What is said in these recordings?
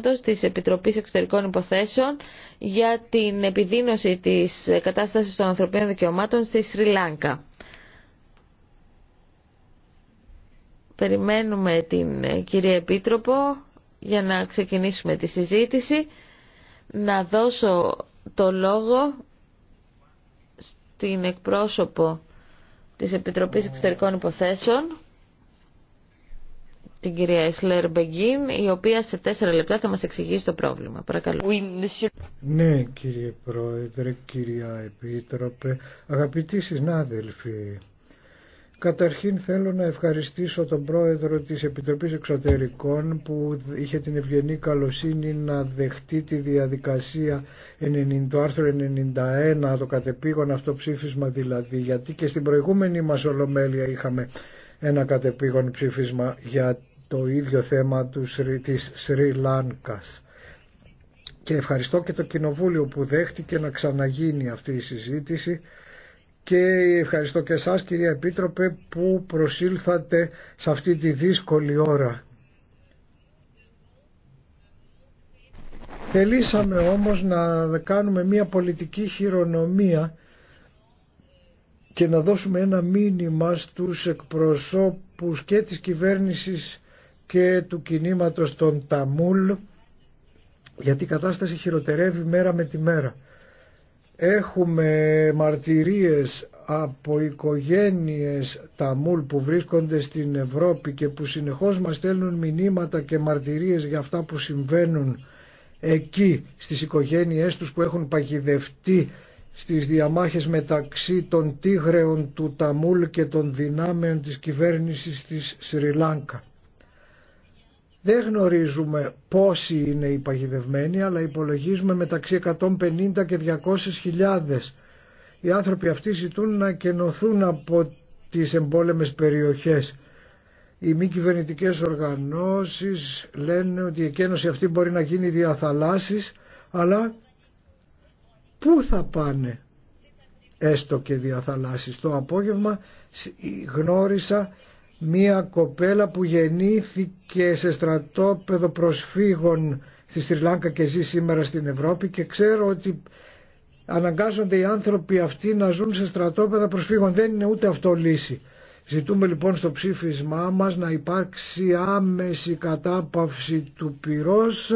Τη της Επιτροπής Εξωτερικών Υποθέσεων για την επιδείνωση της κατάστασης των ανθρωπίνων δικαιωμάτων στη Σρι Λάνκα. Περιμένουμε την ε, κυρία Επίτροπο για να ξεκινήσουμε τη συζήτηση. Να δώσω το λόγο στην εκπρόσωπο της Επιτροπής Εξωτερικών Υποθέσεων την κυρία Εσλέρ Μπεγκίν, η οποία σε τέσσερα λεπτά θα μας εξηγήσει το πρόβλημα. Παρακαλώ. Ναι, κύριε Πρόεδρε, κυρία Επίτροπε, αγαπητοί συνάδελφοι, Καταρχήν θέλω να ευχαριστήσω τον πρόεδρο της Επιτροπής Εξωτερικών που είχε την ευγενή καλοσύνη να δεχτεί τη διαδικασία το άρθρο 91, το κατεπήγον αυτό ψήφισμα δηλαδή, γιατί και στην προηγούμενη μας ολομέλεια είχαμε ένα κατεπήγον ψήφισμα για το ίδιο θέμα του, της Σρι Λάνκας. Και ευχαριστώ και το Κοινοβούλιο που δέχτηκε να ξαναγίνει αυτή η συζήτηση και ευχαριστώ και εσάς κυρία Επίτροπε που προσήλθατε σε αυτή τη δύσκολη ώρα. Θελήσαμε όμως να κάνουμε μια πολιτική χειρονομία και να δώσουμε ένα μήνυμα στους εκπροσώπους και της κυβέρνησης και του κινήματος των Ταμούλ γιατί η κατάσταση χειροτερεύει μέρα με τη μέρα. Έχουμε μαρτυρίες από οικογένειες Ταμούλ που βρίσκονται στην Ευρώπη και που συνεχώς μας στέλνουν μηνύματα και μαρτυρίες για αυτά που συμβαίνουν εκεί στις οικογένειές τους που έχουν παγιδευτεί στις διαμάχες μεταξύ των τίγρεων του Ταμούλ και των δυνάμεων της κυβέρνησης της Σριλάνκα. Δεν γνωρίζουμε πόσοι είναι οι παγιδευμένοι, αλλά υπολογίζουμε μεταξύ 150 και 200 χιλιάδες. Οι άνθρωποι αυτοί ζητούν να κενωθούν από τις εμπόλεμες περιοχές. Οι μη κυβερνητικέ οργανώσεις λένε ότι η εκένωση αυτή μπορεί να γίνει δια θαλάσσης, αλλά πού θα πάνε έστω και δια θαλάσσης. Το απόγευμα γνώρισα μία κοπέλα που γεννήθηκε σε στρατόπεδο προσφύγων στη Στριλάνκα και ζει σήμερα στην Ευρώπη και ξέρω ότι αναγκάζονται οι άνθρωποι αυτοί να ζουν σε στρατόπεδα προσφύγων. Δεν είναι ούτε αυτό λύση. Ζητούμε λοιπόν στο ψήφισμά μας να υπάρξει άμεση κατάπαυση του πυρός.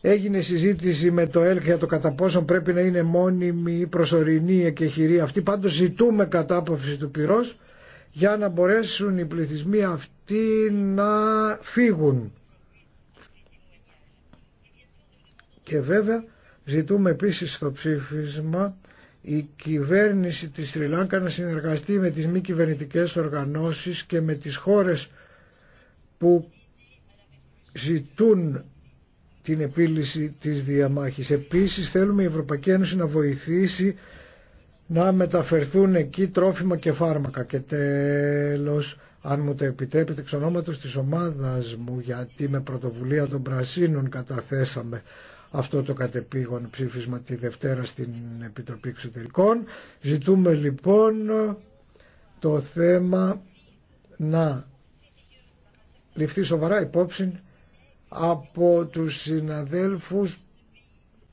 Έγινε συζήτηση με το ΕΛΚ για το κατά πόσο πρέπει να είναι μόνιμη ή προσωρινή η εκεχηρία αυτή. Πάντως ζητούμε κατάπαυση του πυρός για να μπορέσουν οι πληθυσμοί αυτοί να φύγουν. Και βέβαια ζητούμε επίσης στο ψήφισμα η κυβέρνηση της Σριλάνκα να συνεργαστεί με τις μη κυβερνητικέ οργανώσεις και με τις χώρες που ζητούν την επίλυση της διαμάχης. Επίσης θέλουμε η Ευρωπαϊκή Ένωση να βοηθήσει να μεταφερθούν εκεί τρόφιμα και φάρμακα. Και τέλος, αν μου το επιτρέπετε, εξ ονόματος της ομάδας μου, γιατί με πρωτοβουλία των Πρασίνων καταθέσαμε αυτό το κατεπήγον ψήφισμα τη Δευτέρα στην Επιτροπή Εξωτερικών. Ζητούμε λοιπόν το θέμα να ληφθεί σοβαρά υπόψη από τους συναδέλφους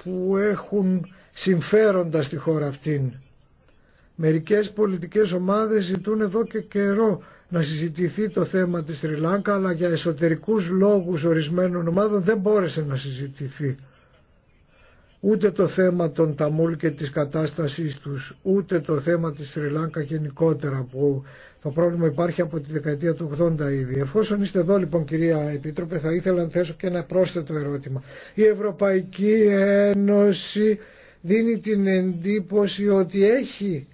που έχουν συμφέροντα στη χώρα αυτήν Μερικές πολιτικές ομάδες ζητούν εδώ και καιρό να συζητηθεί το θέμα της Σριλάνκα αλλά για εσωτερικούς λόγους ορισμένων ομάδων δεν μπόρεσε να συζητηθεί ούτε το θέμα των Ταμούλ και της κατάστασής τους, ούτε το θέμα της Σριλάνκα γενικότερα που το πρόβλημα υπάρχει από τη δεκαετία του 80 ήδη. Εφόσον είστε εδώ λοιπόν κυρία Επίτροπε θα ήθελα να θέσω και ένα πρόσθετο ερώτημα. Η Ευρωπαϊκή Ένωση δίνει την εντύπωση ότι έχει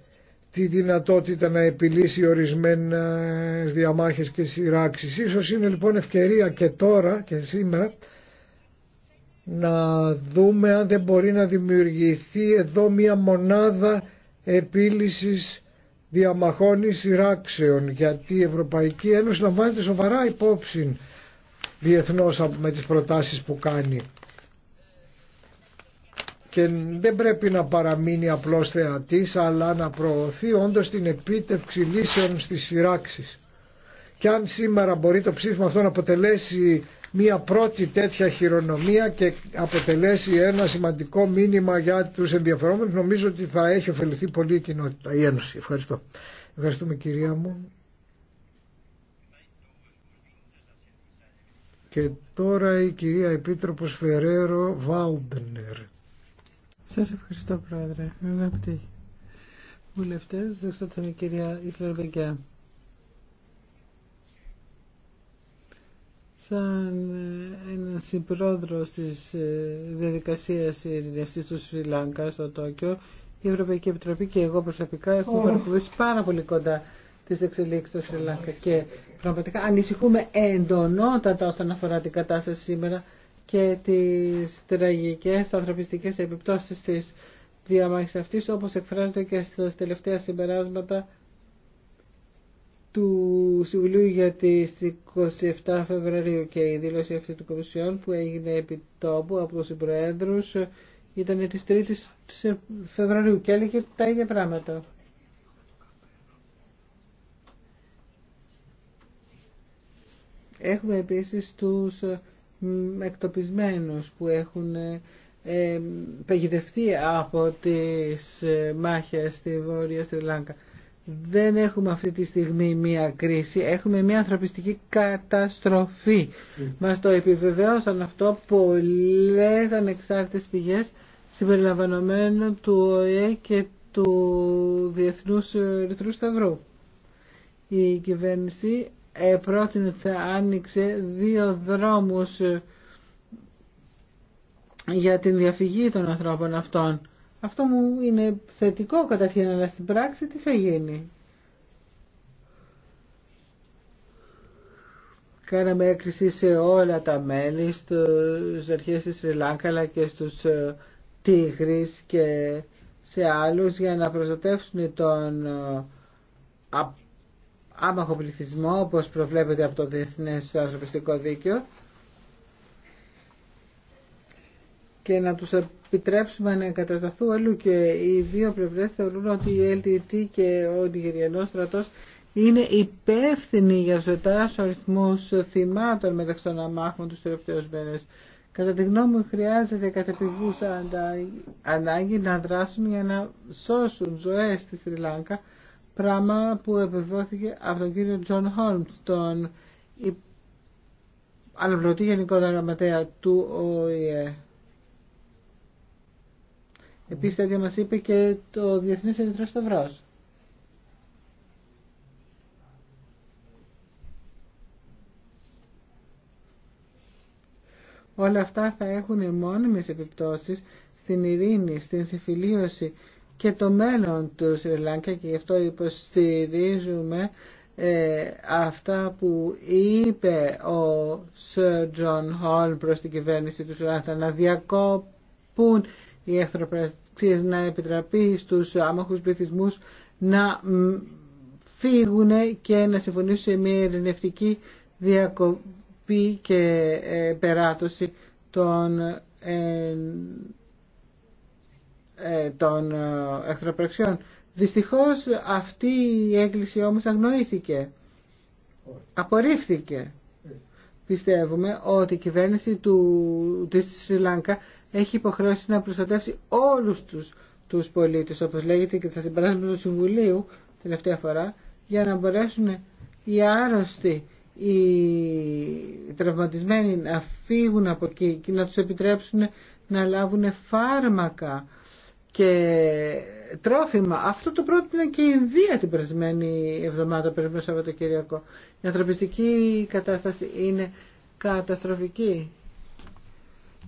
τη δυνατότητα να επιλύσει ορισμένες διαμάχες και σειράξεις. Ίσως είναι λοιπόν ευκαιρία και τώρα και σήμερα να δούμε αν δεν μπορεί να δημιουργηθεί εδώ μια μονάδα επίλυσης διαμαχών ή σειράξεων γιατί η Ευρωπαϊκή Ένωση λαμβάνεται σοβαρά υπόψη διεθνώς με τις προτάσεις που κάνει και δεν πρέπει να παραμείνει απλώς θεατής αλλά να προωθεί όντως την επίτευξη λύσεων στις σειράξεις. Και αν σήμερα μπορεί το ψήφισμα αυτό να αποτελέσει μια πρώτη τέτοια χειρονομία και αποτελέσει ένα σημαντικό μήνυμα για τους ενδιαφερόμενους νομίζω ότι θα έχει ωφεληθεί πολύ η κοινότητα, η Ένωση. Ευχαριστώ. Ευχαριστούμε κυρία μου. Και τώρα η κυρία Επίτροπος Φεραίρο Βάουμπνερ. Σας ευχαριστώ Πρόεδρε. Αγαπητοί βουλευτές, δεχτώ την κυρία Ισλερβεγγιά. Σαν ε, ένα συμπρόδρο τη ε, διαδικασία ειρηνευτή του Σρι στο Τόκιο, η Ευρωπαϊκή Επιτροπή και εγώ προσωπικά έχουμε παρακολουθήσει πάρα πολύ κοντά τι εξελίξει στο Σρι και πραγματικά ανησυχούμε εντονότατα όσον αφορά την κατάσταση σήμερα και τις τραγικές ανθρωπιστικές επιπτώσεις της διαμάχης αυτής όπως εκφράζεται και στα τελευταία συμπεράσματα του Συμβουλίου για τις 27 Φεβρουαρίου και η δήλωση αυτή του Κομισιόν που έγινε επί τόπου από τους Συμπροέδρους ήταν της 3ης Φεβρουαρίου και έλεγε τα ίδια πράγματα. Έχουμε επίσης τους εκτοπισμένους που έχουν ε, ε από τις ε, μάχες στη Βόρεια στη Δεν έχουμε αυτή τη στιγμή μία κρίση, έχουμε μία ανθρωπιστική καταστροφή. Mm. Μας το επιβεβαίωσαν αυτό πολλές ανεξάρτητες πηγές συμπεριλαμβανομένου του ΟΕ και του Διεθνούς Ρητρού Σταυρού. Η κυβέρνηση πρότεινε ότι θα άνοιξε δύο δρόμους ε, για την διαφυγή των ανθρώπων αυτών. Αυτό μου είναι θετικό καταρχήν, αλλά στην πράξη τι θα γίνει. Κάναμε έκκληση σε όλα τα μέλη, στους αρχές της Ριλάνκα, αλλά και στους ε, τίγρης και σε άλλους για να προστατεύσουν τον ε, άμαχο πληθυσμό όπως προβλέπεται από το Διεθνές Ανθρωπιστικό Δίκαιο και να τους επιτρέψουμε να εγκατασταθούν αλλού και οι δύο πλευρές θεωρούν ότι η LTT και ο Νιγηριανός στρατός είναι υπεύθυνοι για ζωτάς αριθμούς θυμάτων μεταξύ των αμάχων τους τελευταίους μέρες. Κατά τη γνώμη μου χρειάζεται κατά ανάγκη να δράσουν για να σώσουν ζωές στη Σρι Λάγκα πράγμα που επιβεβαιώθηκε από τον κύριο Τζον Χόλμ. τον αναπληρωτή γενικό γραμματέα του ΟΗΕ. Επίσης τέτοια είπε και το Διεθνής Ερυθρός Σταυρός. Όλα αυτά θα έχουν μόνιμες επιπτώσεις στην ειρήνη, στην συμφιλίωση και το μέλλον του Σρι και γι' αυτό υποστηρίζουμε ε, αυτά που είπε ο Σερ Τζον Χολ προς την κυβέρνηση του Σουράντα να διακόπουν οι εχθροπραξίες να επιτραπεί στους άμαχους πληθυσμού να φύγουν και να συμφωνήσουν σε μια ειρηνευτική διακοπή και ε, περάτωση των ε, ε, των ε, εχθροπραξιών. Δυστυχώς αυτή η έκκληση όμως αγνοήθηκε. Απορρίφθηκε. Πιστεύουμε ότι η κυβέρνηση του, της Σρι έχει υποχρέωση να προστατεύσει όλους τους, τους πολίτες, όπως λέγεται και θα συμπεράσματα του Συμβουλίου τελευταία φορά, για να μπορέσουν οι άρρωστοι, οι τραυματισμένοι να φύγουν από εκεί και να τους επιτρέψουν να λάβουν φάρμακα και τρόφιμα. Αυτό το πρότεινε και η Ινδία την περασμένη εβδομάδα, περασμένο Σαββατοκυριακό. Η ανθρωπιστική κατάσταση είναι καταστροφική.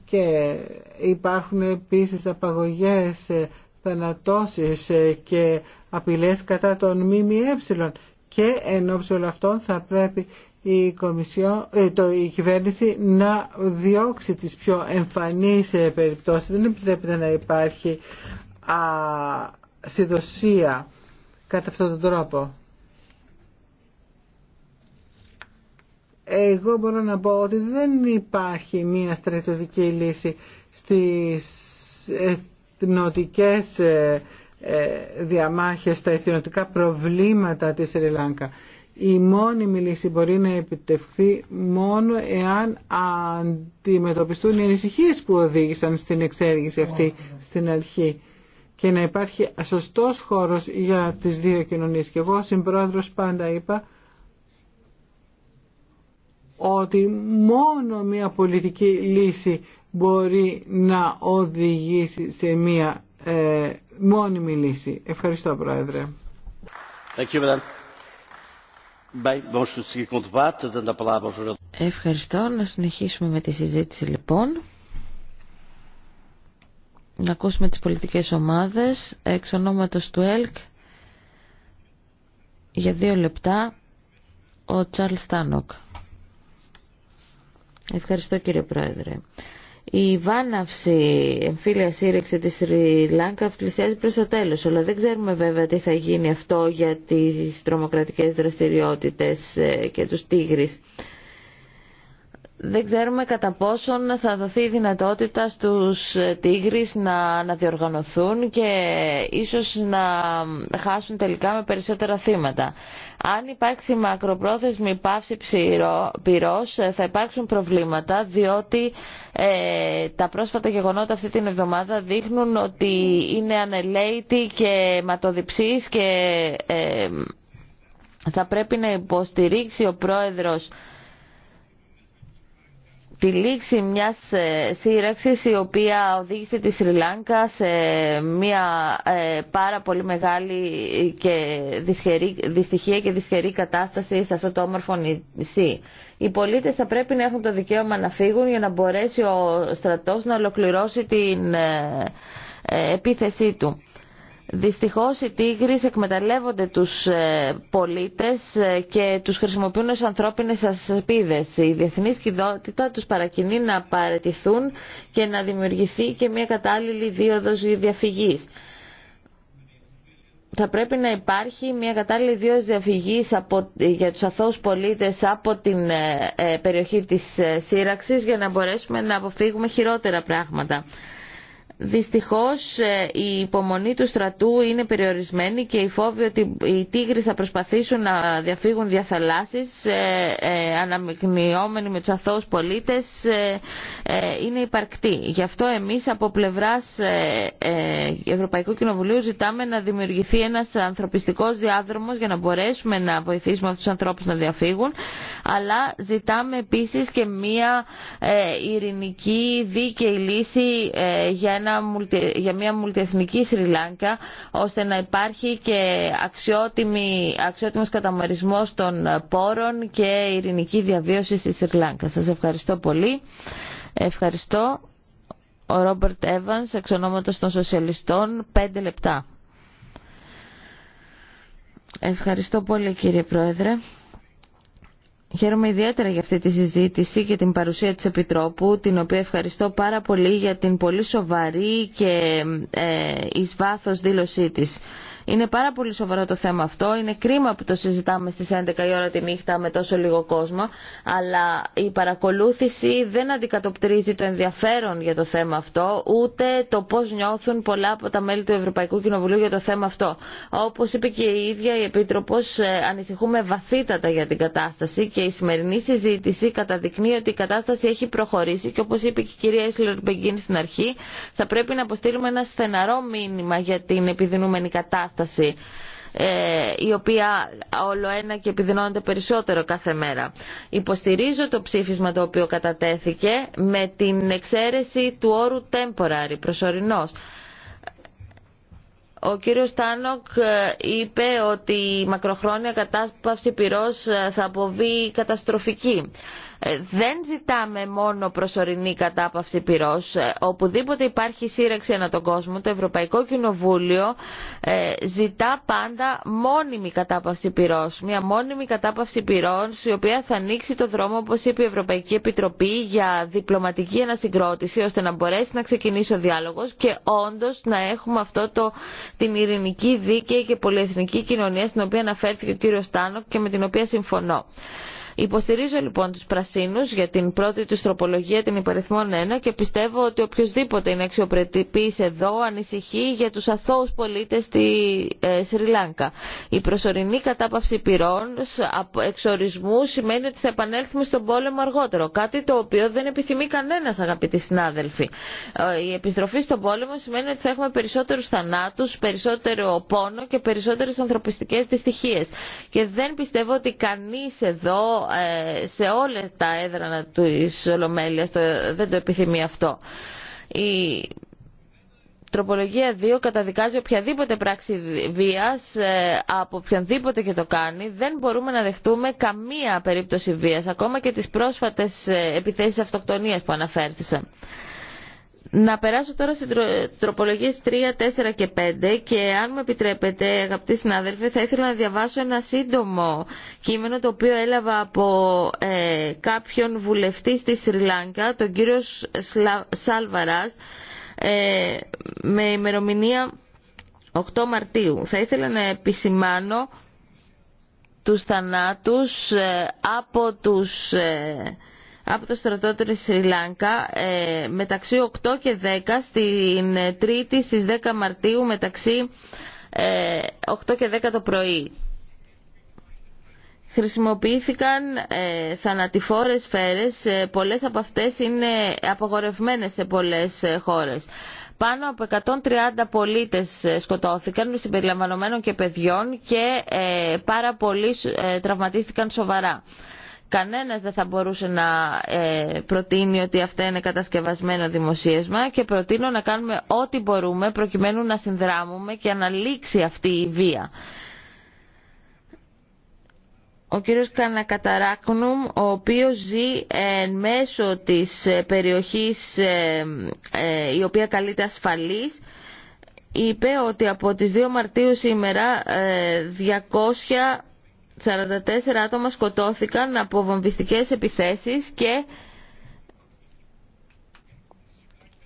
Και υπάρχουν επίσης απαγωγές, ε, θανατώσεις ε, και απειλές κατά των ΜΜΕ. Και εν όψη όλων αυτών θα πρέπει η, Κομισιό, ε, το, κυβέρνηση να διώξει τις πιο εμφανείς ε, περιπτώσεις. Δεν επιτρέπεται να υπάρχει α, κατά αυτόν τον τρόπο. Εγώ μπορώ να πω ότι δεν υπάρχει μία στρατιωτική λύση στις εθνοτικές ε, διαμάχες, στα εθνοτικά προβλήματα της Σρι η μόνιμη λύση μπορεί να επιτευχθεί μόνο εάν αντιμετωπιστούν οι ανησυχίες που οδήγησαν στην εξέργηση αυτή στην αρχή και να υπάρχει σωστός χώρος για τις δύο κοινωνίες. Και εγώ συμπρόεδρος πάντα είπα ότι μόνο μια πολιτική λύση μπορεί να οδηγήσει σε μια ε, μόνιμη λύση. Ευχαριστώ Πρόεδρε. Thank Ευχαριστώ. Να συνεχίσουμε με τη συζήτηση λοιπόν. Να ακούσουμε τις πολιτικές ομάδες. Εξ ονόματος του ΕΛΚ για δύο λεπτά ο Τσάρλ Στάνοκ. Ευχαριστώ κύριε Πρόεδρε η βάναυση εμφύλια σύρρηξη της Σρι Λάνκα πλησιάζει προς το τέλος, αλλά δεν ξέρουμε βέβαια τι θα γίνει αυτό για τις τρομοκρατικές δραστηριότητες ε, και τους τίγρης δεν ξέρουμε κατά πόσον θα δοθεί η δυνατότητα στους τίγρεις να, να διοργανωθούν και ίσως να χάσουν τελικά με περισσότερα θύματα. Αν υπάρξει μακροπρόθεσμη πάυση ψηρό, πυρός ε, θα υπάρξουν προβλήματα διότι ε, τα πρόσφατα γεγονότα αυτή την εβδομάδα δείχνουν ότι είναι ανελαίτη και ματοδιψής και ε, θα πρέπει να υποστηρίξει ο πρόεδρος τη λήξη μιας ε, σύραξης η οποία οδήγησε τη Σρι σε μια ε, πάρα πολύ μεγάλη και δυσχερή, δυστυχία και δυσχερή κατάσταση σε αυτό το όμορφο νησί. Οι πολίτες θα πρέπει να έχουν το δικαίωμα να φύγουν για να μπορέσει ο στρατός να ολοκληρώσει την ε, επίθεσή του. Δυστυχώς οι τίγρεις εκμεταλλεύονται τους ε, πολίτες ε, και τους χρησιμοποιούν ως ανθρώπινες ασπίδες. Η διεθνή κοινότητα τους παρακινεί να παρετηθούν και να δημιουργηθεί και μια κατάλληλη δίωδος διαφυγής. Θα πρέπει να υπάρχει μια κατάλληλη δίωδος διαφυγής από, για τους αθώους πολίτες από την ε, περιοχή της σύραξης για να μπορέσουμε να αποφύγουμε χειρότερα πράγματα. Δυστυχώς ε, η υπομονή του στρατού είναι περιορισμένη και η φόβη ότι οι τίγρες θα προσπαθήσουν να διαφύγουν δια ε, ε, με τους αθώους πολίτες ε, ε, είναι υπαρκτή. Γι' αυτό εμείς από πλευράς Ευρωπαϊκού Κοινοβουλίου ζητάμε να δημιουργηθεί ένας ανθρωπιστικός διάδρομος για να μπορέσουμε να βοηθήσουμε αυτούς τους ανθρώπους να διαφύγουν αλλά ζητάμε επίσης και μία ειρηνική δίκαιη λύση για για μια μουλτιεθνική Σρι Λάνκα, ώστε να υπάρχει και αξιότιμη, αξιότιμος καταμερισμός των πόρων και ειρηνική διαβίωση στη Σρι Λάνκα. Σας ευχαριστώ πολύ. Ευχαριστώ. Ο Ρόμπερτ Εύανς, εξ ονόματος των Σοσιαλιστών, πέντε λεπτά. Ευχαριστώ πολύ κύριε Πρόεδρε. Χαίρομαι ιδιαίτερα για αυτή τη συζήτηση και την παρουσία της Επιτρόπου, την οποία ευχαριστώ πάρα πολύ για την πολύ σοβαρή και ε, εις βάθος δήλωσή της. Είναι πάρα πολύ σοβαρό το θέμα αυτό. Είναι κρίμα που το συζητάμε στις 11 η ώρα τη νύχτα με τόσο λίγο κόσμο, αλλά η παρακολούθηση δεν αντικατοπτρίζει το ενδιαφέρον για το θέμα αυτό, ούτε το πώς νιώθουν πολλά από τα μέλη του Ευρωπαϊκού Κοινοβουλίου για το θέμα αυτό. Όπως είπε και η ίδια η Επίτροπος, ε, ανησυχούμε βαθύτατα για την κατάσταση και η σημερινή συζήτηση καταδεικνύει ότι η κατάσταση έχει προχωρήσει και όπως είπε και η κυρία Έσλερ στην αρχή, θα πρέπει να αποστείλουμε ένα στεναρό μήνυμα για την επιδεινούμενη κατάσταση κατάσταση ε, η οποία όλο ένα και επιδεινώνεται περισσότερο κάθε μέρα. Υποστηρίζω το ψήφισμα το οποίο κατατέθηκε με την εξαίρεση του όρου temporary, προσωρινός. Ο κύριος Τάνοκ ε, είπε ότι η μακροχρόνια κατάσπαυση πυρός ε, θα αποβεί καταστροφική. Ε, δεν ζητάμε μόνο προσωρινή κατάπαυση πυρός. Ε, οπουδήποτε υπάρχει σύρεξη ανά τον κόσμο, το Ευρωπαϊκό Κοινοβούλιο ε, ζητά πάντα μόνιμη κατάπαυση πυρός. Μια μόνιμη κατάπαυση πυρός η οποία θα ανοίξει το δρόμο, όπως είπε η Ευρωπαϊκή Επιτροπή, για διπλωματική ανασυγκρότηση, ώστε να μπορέσει να ξεκινήσει ο διάλογος και όντως να έχουμε αυτό το, την ειρηνική δίκαιη και πολυεθνική κοινωνία στην οποία αναφέρθηκε ο κύριος Τάνοκ και με την οποία συμφωνώ. Υποστηρίζω λοιπόν τους πρασίνους για την πρώτη του τροπολογία, την υπαριθμόν 1 και πιστεύω ότι οποιοδήποτε είναι αξιοπρεπής εδώ ανησυχεί για τους αθώους πολίτες στη ε, Σρι Λάνκα. Η προσωρινή κατάπαυση πυρών εξορισμού σημαίνει ότι θα επανέλθουμε στον πόλεμο αργότερο, κάτι το οποίο δεν επιθυμεί κανένας αγαπητοί συνάδελφοι. Ε, η επιστροφή στον πόλεμο σημαίνει ότι θα έχουμε περισσότερους θανάτους, περισσότερο πόνο και περισσότερες ανθρωπιστικές δυστυχίε. Και δεν πιστεύω ότι κανείς εδώ ε, σε όλες τα έδρανα της Ολομέλειας, δεν το επιθυμεί αυτό. Η τροπολογία 2 καταδικάζει οποιαδήποτε πράξη βίας ε, από οποιονδήποτε και το κάνει. Δεν μπορούμε να δεχτούμε καμία περίπτωση βίας, ακόμα και τις πρόσφατες ε, επιθέσεις αυτοκτονίας που αναφέρθησαν. Να περάσω τώρα στις τροπολογίε 3, 4 και 5 και αν μου επιτρέπετε αγαπητοί συνάδελφοι θα ήθελα να διαβάσω ένα σύντομο κείμενο το οποίο έλαβα από ε, κάποιον βουλευτή στη Σρι Λάνκα, τον κύριο Σλα... Σάλβαρας ε, με ημερομηνία 8 Μαρτίου. Θα ήθελα να επισημάνω τους θανάτους ε, από τους ε, από το στρατό του Σρι Λάνκα ε, μεταξύ 8 και 10 στην ε, Τρίτη στις 10 Μαρτίου μεταξύ 8 ε, και 10 το πρωί. Χρησιμοποιήθηκαν θανατηφόρες φέρες, πολλές από αυτές είναι απογορευμένες σε πολλές χώρες. Πάνω από 130 πολίτες σκοτώθηκαν, συμπεριλαμβανομένων και παιδιών και πάρα πολλοί τραυματίστηκαν σοβαρά. Κανένας δεν θα μπορούσε να ε, προτείνει ότι αυτά είναι κατασκευασμένο δημοσίευμα και προτείνω να κάνουμε ό,τι μπορούμε προκειμένου να συνδράμουμε και να λήξει αυτή η βία. Ο κύριος Κανακαταράκνουμ, ο οποίος ζει ε, εν μέσω της ε, περιοχής η οποία καλείται ασφαλής, είπε ότι από τις 2 Μαρτίου σήμερα 200 44 άτομα σκοτώθηκαν από βομβιστικές επιθέσεις και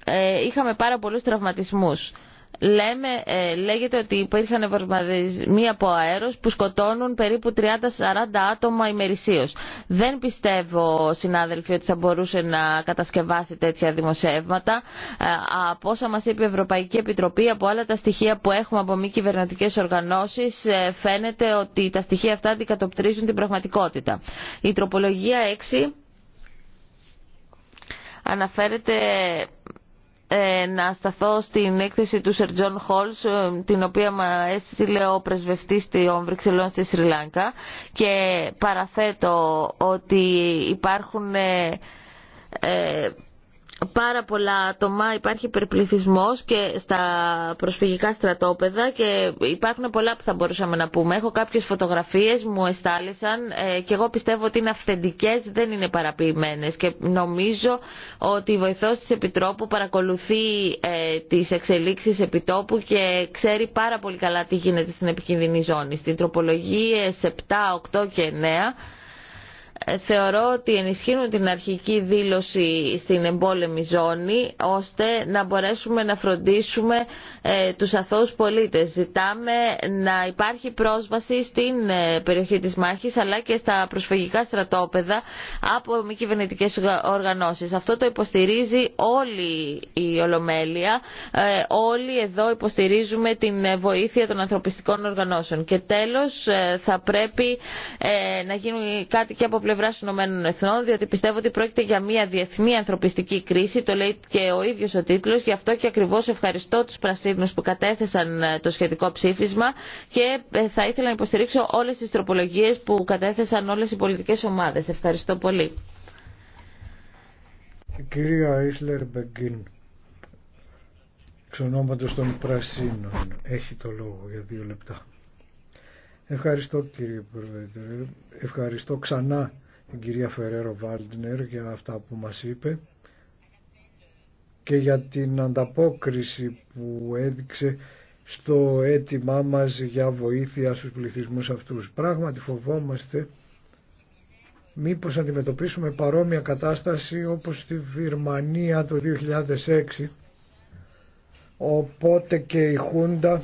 ε, είχαμε πάρα πολλούς τραυματισμούς λέμε, ε, λέγεται ότι υπήρχαν βομβαρδισμοί από αέρος που σκοτώνουν περίπου 30-40 άτομα ημερησίω. Δεν πιστεύω, συνάδελφοι, ότι θα μπορούσε να κατασκευάσει τέτοια δημοσιεύματα. Ε, από όσα μας είπε η Ευρωπαϊκή Επιτροπή, από όλα τα στοιχεία που έχουμε από μη κυβερνητικέ οργανώσεις, ε, φαίνεται ότι τα στοιχεία αυτά αντικατοπτρίζουν την πραγματικότητα. Η τροπολογία 6 αναφέρεται ε, να σταθώ στην έκθεση του Σερ Τζον Χόλς την οποία μα έστειλε ο πρεσβευτή των Βρυξελών στη Σρι και παραθέτω ότι υπάρχουν ε, ε, πάρα πολλά άτομα, υπάρχει υπερπληθυσμός και στα προσφυγικά στρατόπεδα και υπάρχουν πολλά που θα μπορούσαμε να πούμε. Έχω κάποιες φωτογραφίες, μου εστάλησαν ε, και εγώ πιστεύω ότι είναι αυθεντικές, δεν είναι παραποιημένες και νομίζω ότι η βοηθός της Επιτρόπου παρακολουθεί ε, τις εξελίξεις Επιτόπου και ξέρει πάρα πολύ καλά τι γίνεται στην επικίνδυνη ζώνη. Στην τροπολογία 7, 8 και 9 ε, θεωρώ ότι ενισχύουν την αρχική δήλωση στην εμπόλεμη ζώνη ώστε να μπορέσουμε να φροντίσουμε ε, τους αθώους πολίτες. Ζητάμε να υπάρχει πρόσβαση στην ε, περιοχή της μάχης αλλά και στα προσφυγικά στρατόπεδα από μη κυβερνητικέ οργανώσεις. Αυτό το υποστηρίζει όλη η Ολομέλεια. Όλοι εδώ υποστηρίζουμε την βοήθεια των ανθρωπιστικών οργανώσεων. Και τέλος θα πρέπει να γίνει κάτι και από πλευρά Ηνωμένων Εθνών, διότι πιστεύω ότι πρόκειται για μια διεθνή ανθρωπιστική κρίση, το λέει και ο ίδιο ο τίτλο, γι' αυτό και ακριβώ ευχαριστώ του πρασίνου που κατέθεσαν ε, το σχετικό ψήφισμα και ε, θα ήθελα να υποστηρίξω όλε τι τροπολογίε που κατέθεσαν όλε οι πολιτικέ ομάδε. Ευχαριστώ πολύ. Κυρία Ισλερ Μπεγκίν, εξ ονόματος των Πρασίνων, έχει το λόγο για δύο λεπτά. Ευχαριστώ κύριε Πρόεδρε. Ευχαριστώ ξανά την κυρία Φεραίρο Βάλτνερ για αυτά που μας είπε και για την ανταπόκριση που έδειξε στο αίτημά μας για βοήθεια στους πληθυσμούς αυτούς. Πράγματι φοβόμαστε μήπως αντιμετωπίσουμε παρόμοια κατάσταση όπως στη Βυρμανία το 2006 οπότε και η Χούντα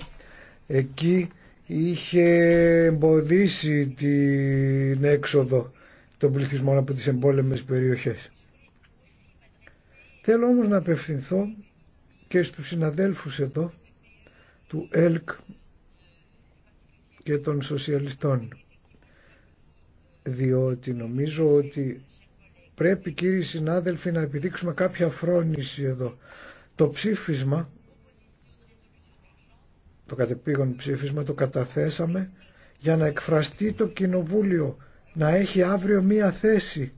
εκεί είχε εμποδίσει την έξοδο των πληθυσμών από τις εμπόλεμες περιοχές. Θέλω όμως να απευθυνθώ και στους συναδέλφους εδώ του ΕΛΚ και των σοσιαλιστών διότι νομίζω ότι πρέπει κύριοι συνάδελφοι να επιδείξουμε κάποια φρόνηση εδώ. Το ψήφισμα το κατεπήγον ψήφισμα το καταθέσαμε για να εκφραστεί το κοινοβούλιο, να έχει αύριο μία θέση.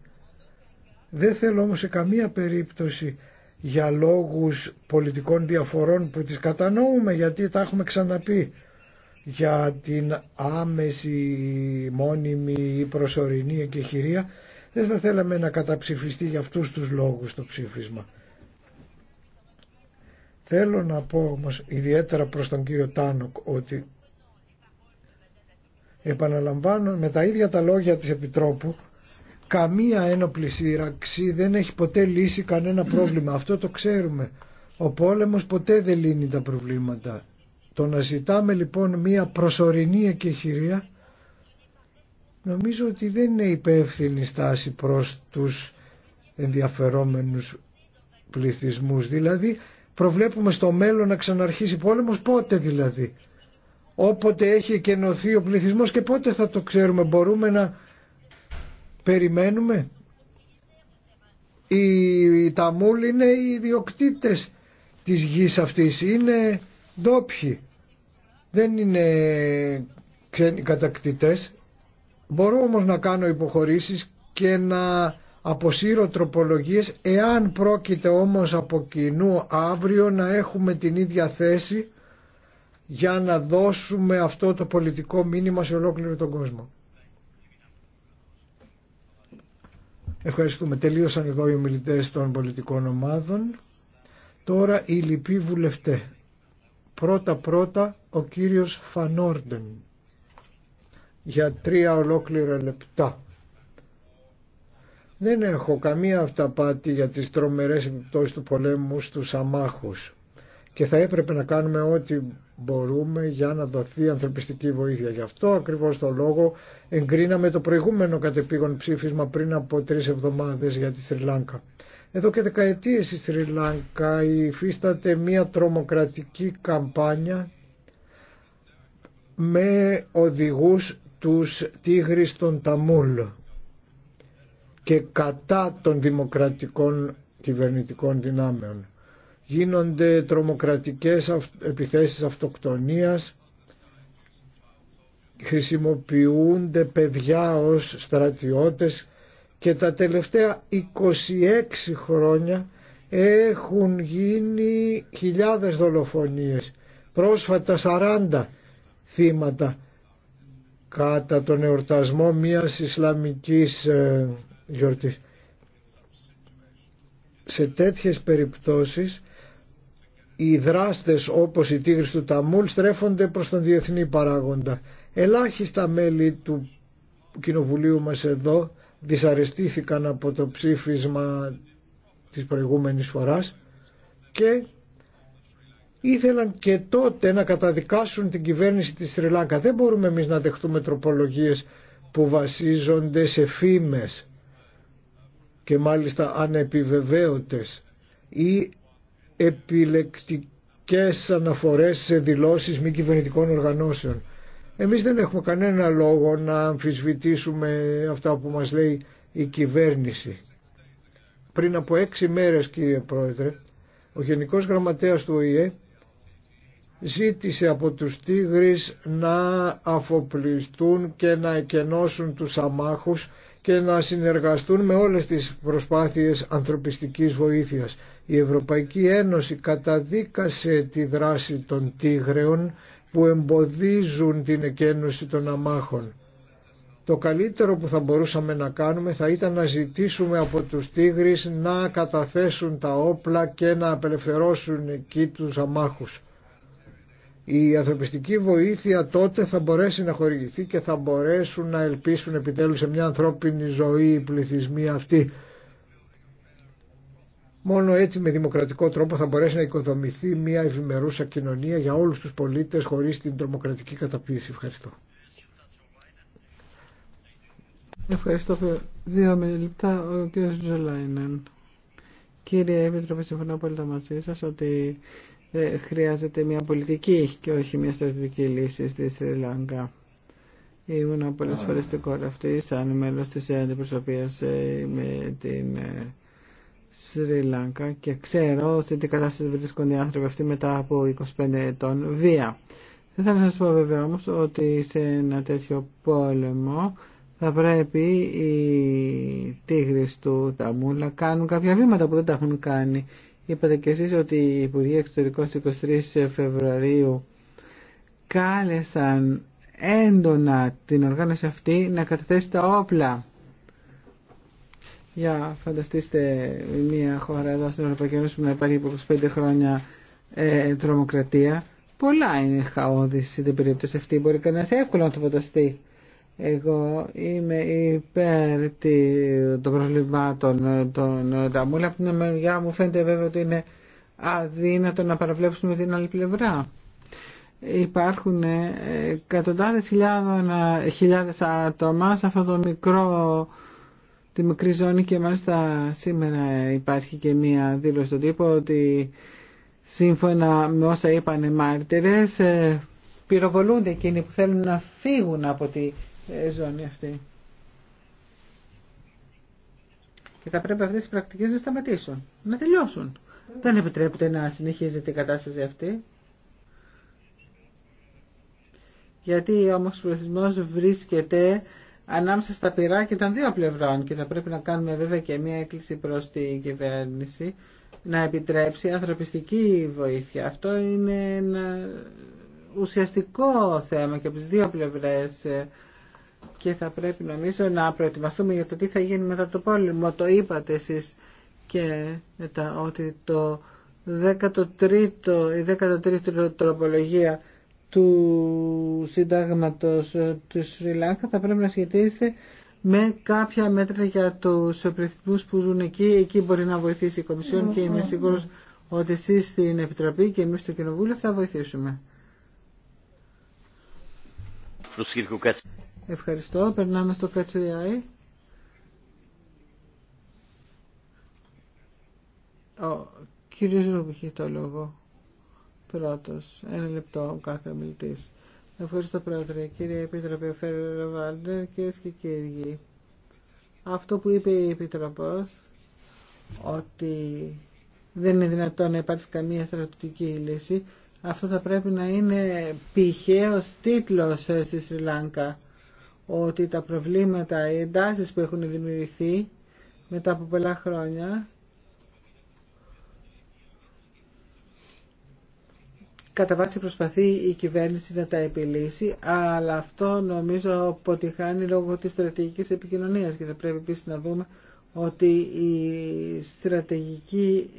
Δεν θέλω όμως σε καμία περίπτωση για λόγους πολιτικών διαφορών που τις κατανοούμε γιατί τα έχουμε ξαναπεί για την άμεση, μόνιμη ή προσωρινή εγκεχηρία. δεν θα θέλαμε να καταψηφιστεί για αυτούς τους λόγους το ψήφισμα. Θέλω να πω όμως ιδιαίτερα προς τον κύριο Τάνοκ ότι επαναλαμβάνω με τα ίδια τα λόγια της Επιτρόπου καμία ένοπλη σύραξη δεν έχει ποτέ λύσει κανένα πρόβλημα. Αυτό το ξέρουμε. Ο πόλεμος ποτέ δεν λύνει τα προβλήματα. Το να ζητάμε λοιπόν μία προσωρινή εκεχηρία νομίζω ότι δεν είναι υπεύθυνη στάση προς τους ενδιαφερόμενους πληθυσμούς. Δηλαδή προβλέπουμε στο μέλλον να ξαναρχίσει πόλεμος, πότε δηλαδή. Όποτε έχει εκενωθεί ο πληθυσμός και πότε θα το ξέρουμε, μπορούμε να περιμένουμε. Οι Ταμούλ είναι οι ιδιοκτήτες της γης αυτής, είναι ντόπιοι, δεν είναι ξένοι κατακτητές. Μπορώ όμως να κάνω υποχωρήσεις και να αποσύρω τροπολογίες εάν πρόκειται όμως από κοινού αύριο να έχουμε την ίδια θέση για να δώσουμε αυτό το πολιτικό μήνυμα σε ολόκληρο τον κόσμο. Ευχαριστούμε. Τελείωσαν εδώ οι ομιλητές των πολιτικών ομάδων. Τώρα οι λοιποί βουλευτέ. Πρώτα πρώτα ο κύριος Φανόρντεν για τρία ολόκληρα λεπτά. Δεν έχω καμία αυταπάτη για τις τρομερές επιπτώσεις του πολέμου στους αμάχους και θα έπρεπε να κάνουμε ό,τι μπορούμε για να δοθεί ανθρωπιστική βοήθεια. Γι' αυτό ακριβώς το λόγο εγκρίναμε το προηγούμενο κατεπήγον ψήφισμα πριν από τρεις εβδομάδες για τη Σρι Εδώ και δεκαετίες η Σρι Λάνκα υφίσταται μια τρομοκρατική καμπάνια με οδηγούς τους τίγρης των Ταμούλ και κατά των δημοκρατικών κυβερνητικών δυνάμεων. Γίνονται τρομοκρατικές επιθέσεις αυτοκτονίας, χρησιμοποιούνται παιδιά ως στρατιώτες και τα τελευταία 26 χρόνια έχουν γίνει χιλιάδες δολοφονίες, πρόσφατα 40 θύματα κατά τον εορτασμό μιας Ισλαμικής ε, σε τέτοιες περιπτώσεις οι δράστες όπως οι τίγρες του Ταμούλ στρέφονται προς τον διεθνή παράγοντα. Ελάχιστα μέλη του κοινοβουλίου μας εδώ δυσαρεστήθηκαν από το ψήφισμα της προηγούμενης φοράς και ήθελαν και τότε να καταδικάσουν την κυβέρνηση της Σριλάνκα. Δεν μπορούμε εμείς να δεχτούμε τροπολογίες που βασίζονται σε φήμες και μάλιστα ανεπιβεβαίωτες ή επιλεκτικές αναφορές σε δηλώσεις μη κυβερνητικών οργανώσεων. Εμείς δεν έχουμε κανένα λόγο να αμφισβητήσουμε αυτά που μας λέει η κυβέρνηση. Πριν από έξι μέρες κύριε Πρόεδρε, ο Γενικός Γραμματέας του ΟΗΕ ζήτησε από τους τίγρεις να αφοπλιστούν και να εκενώσουν τους αμάχους και να συνεργαστούν με όλες τις προσπάθειες ανθρωπιστικής βοήθειας. Η Ευρωπαϊκή Ένωση καταδίκασε τη δράση των τίγρεων που εμποδίζουν την εκένωση των αμάχων. Το καλύτερο που θα μπορούσαμε να κάνουμε θα ήταν να ζητήσουμε από τους τίγρεις να καταθέσουν τα όπλα και να απελευθερώσουν εκεί τους αμάχους η ανθρωπιστική βοήθεια τότε θα μπορέσει να χορηγηθεί και θα μπορέσουν να ελπίσουν επιτέλους σε μια ανθρώπινη ζωή οι πληθυσμοί αυτοί. Μόνο έτσι με δημοκρατικό τρόπο θα μπορέσει να οικοδομηθεί μια ευημερούσα κοινωνία για όλους τους πολίτες χωρίς την τρομοκρατική καταπίεση. Ευχαριστώ. Ευχαριστώ. Δύο λεπτά ο κ. Τζολάινεν. Κύριε συμφωνώ πολύ μαζί σας ότι ε, χρειάζεται μια πολιτική και όχι μια στρατιωτική λύση στη Σρι Λάγκα. Ήμουν πολλές φορές στην χώρα αυτή σαν μέλος της αντιπροσωπείας ε, με την ε, Σρι Λάγκα και ξέρω σε τι κατάσταση βρίσκονται οι άνθρωποι αυτοί μετά από 25 ετών βία. Δεν θα σας πω βέβαια όμω ότι σε ένα τέτοιο πόλεμο θα πρέπει οι τίγρες του Ταμούλα κάνουν κάποια βήματα που δεν τα έχουν κάνει Είπατε και εσείς ότι οι Υπουργοί Εξωτερικών στις 23 Φεβρουαρίου κάλεσαν έντονα την οργάνωση αυτή να καταθέσει τα όπλα. Για φανταστείτε μια χώρα εδώ στην Ευρωπαϊκή Ένωση που να υπάρχει από 25 χρόνια ε, τρομοκρατία. Πολλά είναι χαόδηση στην περίπτωση αυτή. Μπορεί κανένα εύκολο να το φανταστεί. Εγώ είμαι υπέρ των προβλημάτων των Ταμούλ. Από την μεριά μου φαίνεται βέβαια ότι είναι αδύνατο να παραβλέψουμε την άλλη πλευρά. Υπάρχουν ε, εκατοντάδες χιλιάδων, ε, χιλιάδες άτομα σε αυτό το μικρό τη μικρή ζώνη και μάλιστα σήμερα υπάρχει και μία δήλωση στον τύπο ότι σύμφωνα με όσα είπαν οι μάρτυρες ε, πυροβολούνται εκείνοι που θέλουν να φύγουν από τη ε, ζώνη αυτή. Και θα πρέπει αυτές οι πρακτικές να σταματήσουν, να τελειώσουν. Δεν επιτρέπεται να συνεχίζεται η κατάσταση αυτή. Γιατί ο ομοσπονδισμός βρίσκεται ανάμεσα στα και των δύο πλευρών και θα πρέπει να κάνουμε βέβαια και μία έκκληση προς την κυβέρνηση να επιτρέψει ανθρωπιστική βοήθεια. Αυτό είναι ένα ουσιαστικό θέμα και από τις δύο πλευρές ε, και θα πρέπει νομίζω να προετοιμαστούμε για το τι θα γίνει μετά το πόλεμο. Το είπατε εσείς και μετά ότι το 13ο, η 13η τροπολογία του συντάγματος του Σρι θα πρέπει να σχετίζεται με κάποια μέτρα για τους πληθυσμούς που ζουν εκεί. Εκεί μπορεί να βοηθήσει η Κομισιόν και είμαι σίγουρος ότι εσείς στην Επιτροπή και εμείς στο Κοινοβούλιο θα βοηθήσουμε. Ευχαριστώ. Περνάμε στο ΚΑΤΣΙΑΙ. Ο κύριος Ρούμπ το λόγο πρώτος. Ένα λεπτό κάθε μιλητής. Ευχαριστώ πρόεδρε. Κύριε Επίτροπε Φέρε Βάλντερ, κυρίες και κύριοι. Αυτό που είπε η Επίτροπος, ότι δεν είναι δυνατόν να υπάρξει καμία στρατιωτική λύση, αυτό θα πρέπει να είναι πηχαίος τίτλος ε, στη Σρι ότι τα προβλήματα, οι εντάσεις που έχουν δημιουργηθεί μετά από πολλά χρόνια κατά βάση προσπαθεί η κυβέρνηση να τα επιλύσει, αλλά αυτό νομίζω αποτυχάνει λόγω της στρατηγικής επικοινωνίας και θα πρέπει επίση να δούμε ότι η στρατηγική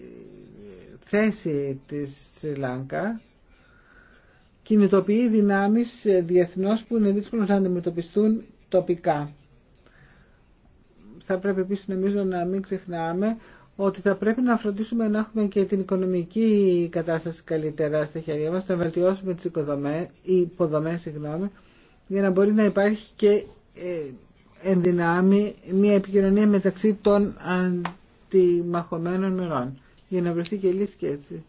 θέση της Σρι κινητοποιεί δυνάμεις ε, διεθνώς που είναι δύσκολο να αντιμετωπιστούν τοπικά. Θα πρέπει επίσης νομίζω να μην ξεχνάμε ότι θα πρέπει να φροντίσουμε να έχουμε και την οικονομική κατάσταση καλύτερα στα χέρια μας, να βελτιώσουμε τις υποδομές συγγνώμη, για να μπορεί να υπάρχει και ε, ενδυνάμει μια επικοινωνία μεταξύ των αντιμαχωμένων μερών, για να βρεθεί και λύση και έτσι.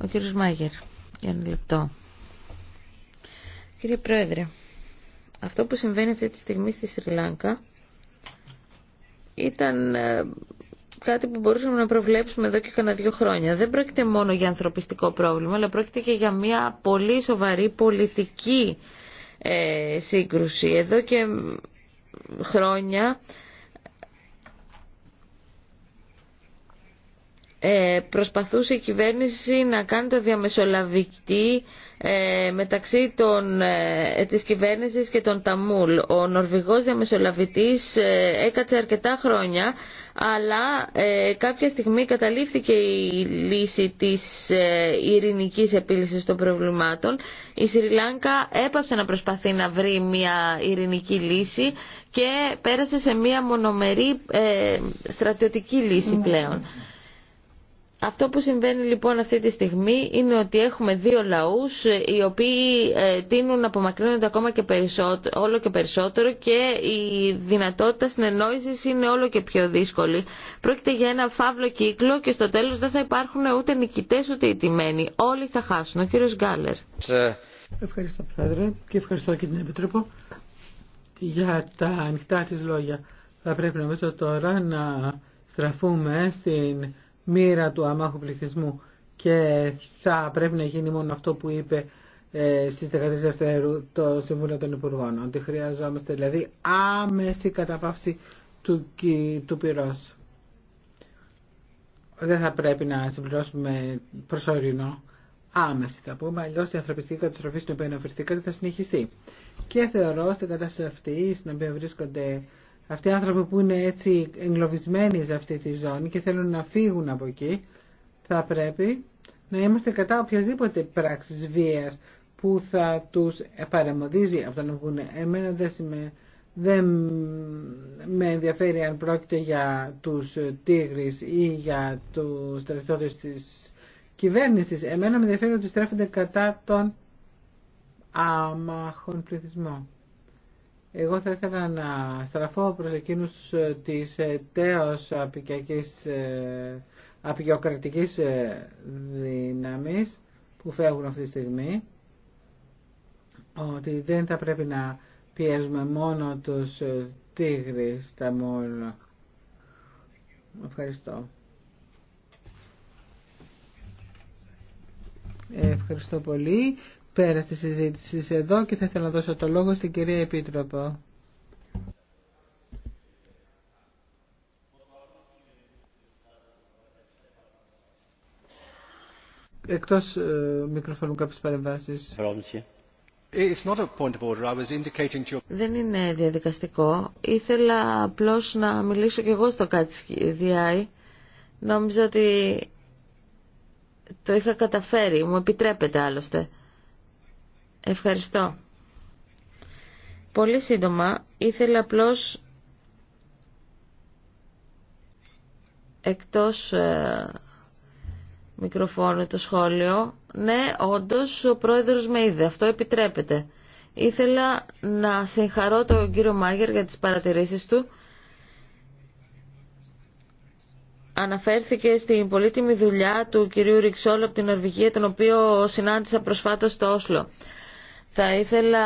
Ο κύριος Μάγερ, για ένα λεπτό. Κύριε Πρόεδρε, αυτό που συμβαίνει αυτή τη στιγμή στη Σρι ήταν ε, κάτι που μπορούσαμε να προβλέψουμε εδώ και κανένα δύο χρόνια. Δεν πρόκειται μόνο για ανθρωπιστικό πρόβλημα, αλλά πρόκειται και για μια πολύ σοβαρή πολιτική ε, σύγκρουση. Εδώ και χρόνια Ε, προσπαθούσε η κυβέρνηση να κάνει το διαμεσολαβητή ε, μεταξύ των, ε, της κυβέρνησης και των Ταμούλ. Ο Νορβηγός διαμεσολαβητής έκατσε αρκετά χρόνια αλλά κάποια στιγμή καταλήφθηκε η λύση της ειρηνικής επίλυσης των προβλημάτων. Η Σιριλάνκα έπαψε να προσπαθεί να βρει μια ειρηνική λύση και πέρασε σε μια μονομερή στρατιωτική λύση ναι. πλέον. Αυτό που συμβαίνει λοιπόν αυτή τη στιγμή είναι ότι έχουμε δύο λαούς ε, οι οποίοι ε, τείνουν να απομακρύνονται ακόμα και περισσότερο, όλο και περισσότερο και η δυνατότητα συνεννόησης είναι όλο και πιο δύσκολη. Πρόκειται για ένα φαύλο κύκλο και στο τέλος δεν θα υπάρχουν ούτε νικητές ούτε ιτημένοι. Όλοι θα χάσουν. Ο κύριος Γκάλερ. Ε. Ευχαριστώ Πρόεδρε και ευχαριστώ και την Επιτρόπο για τα ανοιχτά της λόγια. Θα πρέπει νομίζω τώρα να στραφούμε στην μοίρα του αμάχου πληθυσμού και θα πρέπει να γίνει μόνο αυτό που είπε ε, στις 13 Δευτέρου το Συμβούλιο των Υπουργών, ότι χρειαζόμαστε δηλαδή άμεση καταπαύση του, του πυρός. Δεν θα πρέπει να συμπληρώσουμε προσωρινό. Άμεση θα πούμε, αλλιώ η ανθρωπιστική καταστροφή στην οποία αναφερθήκατε θα συνεχιστεί. Και θεωρώ στην κατάσταση αυτή, στην οποία βρίσκονται αυτοί οι άνθρωποι που είναι έτσι εγκλωβισμένοι σε αυτή τη ζώνη και θέλουν να φύγουν από εκεί, θα πρέπει να είμαστε κατά οποιασδήποτε πράξη βίας που θα τους παρεμποδίζει από το να βγουν. Εμένα δεν, με ενδιαφέρει αν πρόκειται για τους τίγρε ή για τους στρατιώτες της κυβέρνησης. Εμένα με ενδιαφέρει ότι στρέφονται κατά τον άμαχον πληθυσμό. Εγώ θα ήθελα να στραφώ προς εκείνους ε, της ε, τέως απικιακής, ε, απικιοκρατικής δύναμης που φεύγουν αυτή τη στιγμή, ότι δεν θα πρέπει να πιέζουμε μόνο τους τίγρες τα μόνο. Ευχαριστώ. Ευχαριστώ πολύ. Πέρα στη συζήτηση εδώ και θα ήθελα να δώσω το λόγο στην κυρία Επίτροπο. Εκτός ε, μικροφώνου κάποιες παρεμβάσεις. Δεν είναι διαδικαστικό. Ήθελα απλώς να μιλήσω και εγώ στο κάτι Νόμιζα ότι το είχα καταφέρει, μου επιτρέπετε άλλωστε. Ευχαριστώ. Πολύ σύντομα, ήθελα απλώς εκτός ε, μικροφώνου το σχόλιο. Ναι, όντως ο πρόεδρος με είδε, αυτό επιτρέπεται. Ήθελα να συγχαρώ τον κύριο Μάγερ για τις παρατηρήσεις του αναφέρθηκε στην πολύτιμη δουλειά του κυρίου Ριξόλου από την Νορβηγία, τον οποίο συνάντησα προσφάτως στο Όσλο. Θα ήθελα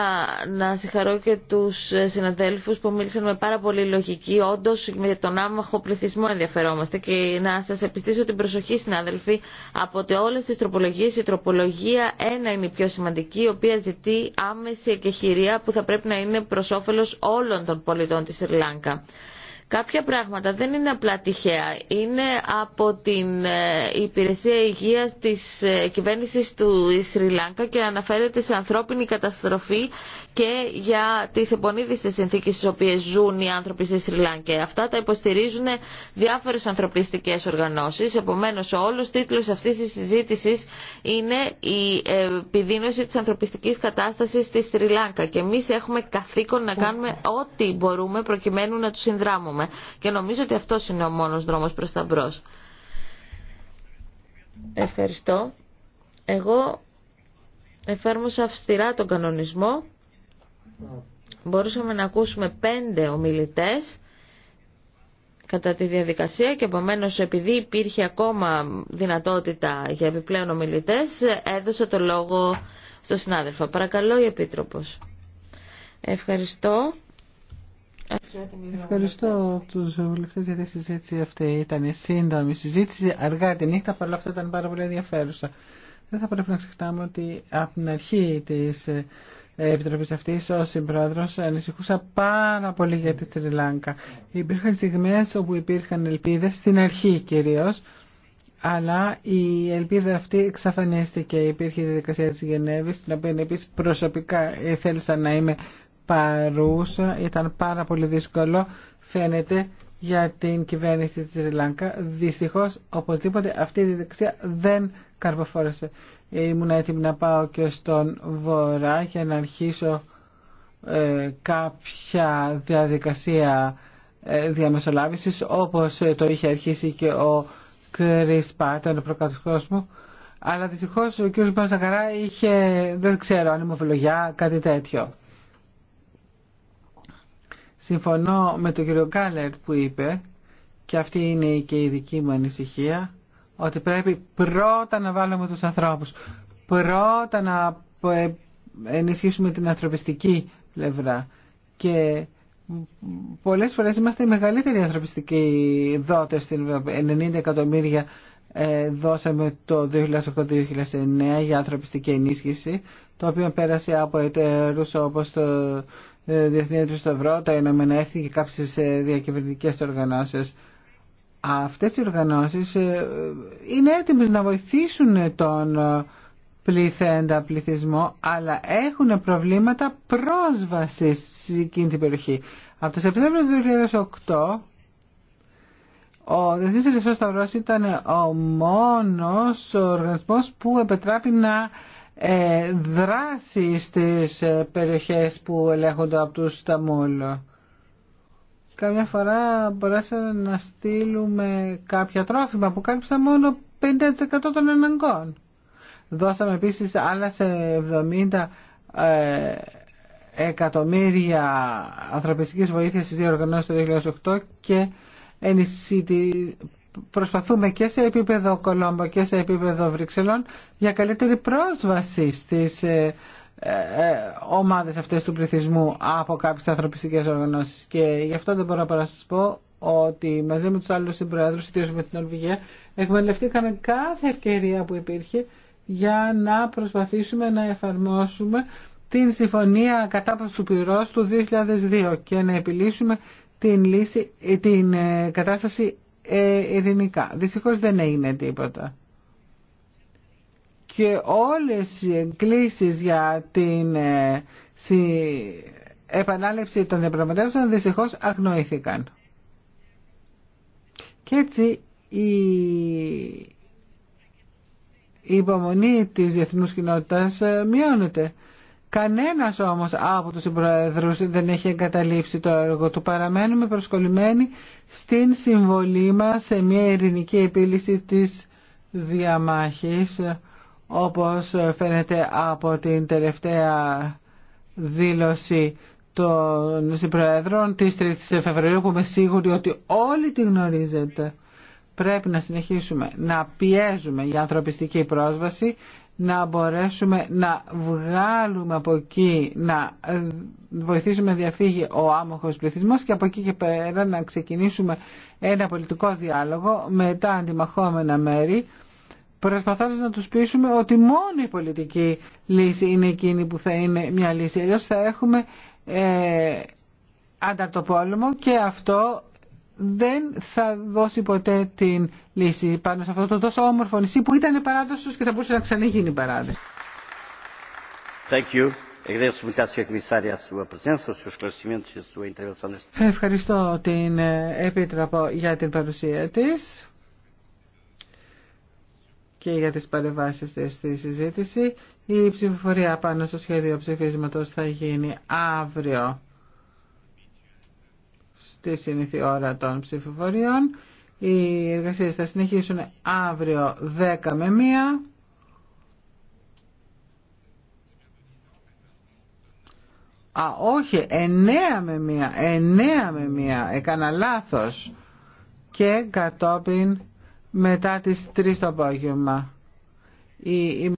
να συγχαρώ και τους συναδέλφους που μίλησαν με πάρα πολύ λογική. Όντως με τον άμαχο πληθυσμό ενδιαφερόμαστε και να σας επιστήσω την προσοχή συνάδελφοι από ότι όλες τις τροπολογίες η τροπολογία ένα είναι η πιο σημαντική η οποία ζητεί άμεση εκεχηρία που θα πρέπει να είναι προς όφελος όλων των πολιτών της Ιρλάνκα. Κάποια πράγματα δεν είναι απλά τυχαία. Είναι από την ε, Υπηρεσία Υγείας της ε, κυβέρνησης του Σρι Λάνκα και αναφέρεται σε ανθρώπινη καταστροφή και για τις επονίδιστες συνθήκες στις οποίες ζουν οι άνθρωποι στη Σρι Λάνκα. Αυτά τα υποστηρίζουν διάφορες ανθρωπιστικές οργανώσεις. Επομένως, ο όλος τίτλος αυτής της συζήτησης είναι η επιδείνωση της ανθρωπιστικής κατάστασης στη Σρι Λάνκα. Και εμείς έχουμε καθήκον να κάνουμε ό,τι μπορούμε προκειμένου να τους συνδράμουμε και νομίζω ότι αυτό είναι ο μόνος δρόμος προς τα μπρο. Ευχαριστώ. Εγώ εφάρμοσα αυστηρά τον κανονισμό. Μπορούσαμε να ακούσουμε πέντε ομιλητές κατά τη διαδικασία και επομένω επειδή υπήρχε ακόμα δυνατότητα για επιπλέον ομιλητές έδωσα το λόγο στο συνάδελφο. Παρακαλώ η Επίτροπος. Ευχαριστώ. Ευχαριστώ του βουλευτέ για τη συζήτηση αυτή. Ήταν σύντομη συζήτηση, αργά τη νύχτα, παρόλα αυτά ήταν πάρα πολύ ενδιαφέρουσα. Δεν θα πρέπει να ξεχνάμε ότι από την αρχή τη ε, Επιτροπή αυτή, ω συμπρόεδρο, ανησυχούσα πάρα πολύ για τη Σρι Λάγκα. Υπήρχαν στιγμέ όπου υπήρχαν ελπίδε, στην αρχή κυρίω, αλλά η ελπίδα αυτή εξαφανίστηκε. Υπήρχε η διαδικασία τη Γενέβη, την οποία επίση προσωπικά θέλησα να είμαι παρούσα. Ήταν πάρα πολύ δύσκολο φαίνεται για την κυβέρνηση της Ριλάνκα. Δυστυχώς, οπωσδήποτε, αυτή η διδεξία δεν καρποφόρεσε Ήμουν έτοιμη να πάω και στον Βορρά για να αρχίσω ε, κάποια διαδικασία ε, διαμεσολάβησης, όπως ε, το είχε αρχίσει και ο Κρυς Πάτερ, ο προκατοχός μου. Αλλά δυστυχώς ο κ. Μπαζακαρά είχε, δεν ξέρω, αν φιλογιά κάτι τέτοιο. Συμφωνώ με τον κύριο Γκάλερτ που είπε, και αυτή είναι και η δική μου ανησυχία, ότι πρέπει πρώτα να βάλουμε τους ανθρώπους, πρώτα να ε, ενισχύσουμε την ανθρωπιστική πλευρά. Και πολλές φορές είμαστε οι μεγαλύτεροι ανθρωπιστικοί δότες στην Ευρώπη. 90 εκατομμύρια ε, δώσαμε το 2008-2009 για ανθρωπιστική ενίσχυση, το οποίο πέρασε από εταιρούς όπως το ε, Διεθνή στο Σταυρό, τα Ηνωμένα Έθνη και κάποιε διακυβερνητικέ οργανώσει. Αυτές οι οργανώσει ε, είναι έτοιμε να βοηθήσουν τον ε, πληθέντα πληθυσμό, αλλά έχουν προβλήματα πρόσβασης σε εκείνη την περιοχή. Από το Σεπτέμβριο του 2008, ο Διεθνή Ερυθρό Σταυρό ήταν ο μόνος οργανισμό που επετράπη να ε, δράση στις ε, περιοχές που ελέγχονται από τους Σταμόλου. Καμιά φορά μπορέσαμε να στείλουμε κάποια τρόφιμα που κάλυψαν μόνο 50% των αναγκών. Δώσαμε επίσης άλλα σε 70 ε, εκατομμύρια ανθρωπιστικής βοήθειας στις διοργανώσεις το 2008 και ενισχύτη προσπαθούμε και σε επίπεδο Κολόμπο και σε επίπεδο Βρυξελών για καλύτερη πρόσβαση στις ε, ε, ε, ομάδες αυτές του πληθυσμού από κάποιες ανθρωπιστικές οργανώσεις και γι' αυτό δεν μπορώ να σας πω ότι μαζί με τους άλλους συμπροέδρους, ιδίως με την Ολβηγία, εκμελευτήκαμε κάθε ευκαιρία που υπήρχε για να προσπαθήσουμε να εφαρμόσουμε την Συμφωνία κατάπαυση του Πυρός του 2002 και να επιλύσουμε την, λύση, την κατάσταση ε, ειρηνικά. Δυστυχώς δεν έγινε τίποτα. Και όλες οι εγκλήσεις για την ε, επανάληψη των διαπραγματεύσεων δυστυχώς αγνοήθηκαν. Και έτσι η, η υπομονή της διεθνούς κοινότητας ε, μειώνεται. Κανένας όμως από τους συμπροεδρούς δεν έχει εγκαταλείψει το έργο του. Παραμένουμε προσκολλημένοι στην συμβολή μας σε μια ειρηνική επίλυση της διαμάχης όπως φαίνεται από την τελευταία δήλωση των συμπροεδρών της 3ης Φεβρουαρίου που είμαι σίγουρη ότι όλοι τη γνωρίζετε. Πρέπει να συνεχίσουμε να πιέζουμε για ανθρωπιστική πρόσβαση να μπορέσουμε να βγάλουμε από εκεί, να ε, βοηθήσουμε να διαφύγει ο άμοχος πληθυσμός και από εκεί και πέρα να ξεκινήσουμε ένα πολιτικό διάλογο με τα αντιμαχόμενα μέρη προσπαθώντας να τους πείσουμε ότι μόνο η πολιτική λύση είναι εκείνη που θα είναι μια λύση. Αλλιώς θα έχουμε ε, ανταρτοπόλεμο και αυτό δεν θα δώσει ποτέ την λύση πάνω σε αυτό το τόσο όμορφο νησί που ήταν παράδοσος και θα μπορούσε να ξαναγίνει παράδοση. Ευχαριστώ την ε, Επίτροπο για την παρουσία της και για τις παρεμβάσεις της στη συζήτηση. Η ψηφοφορία πάνω στο σχέδιο ψηφίσματος θα γίνει αύριο στη συνήθεια ώρα των ψηφοφοριών. Οι εργασίες θα συνεχίσουν αύριο 10 με 1. Α, όχι, 9 με 1, 9 με 1, έκανα λάθος. Και κατόπιν μετά τις 3 το απόγευμα.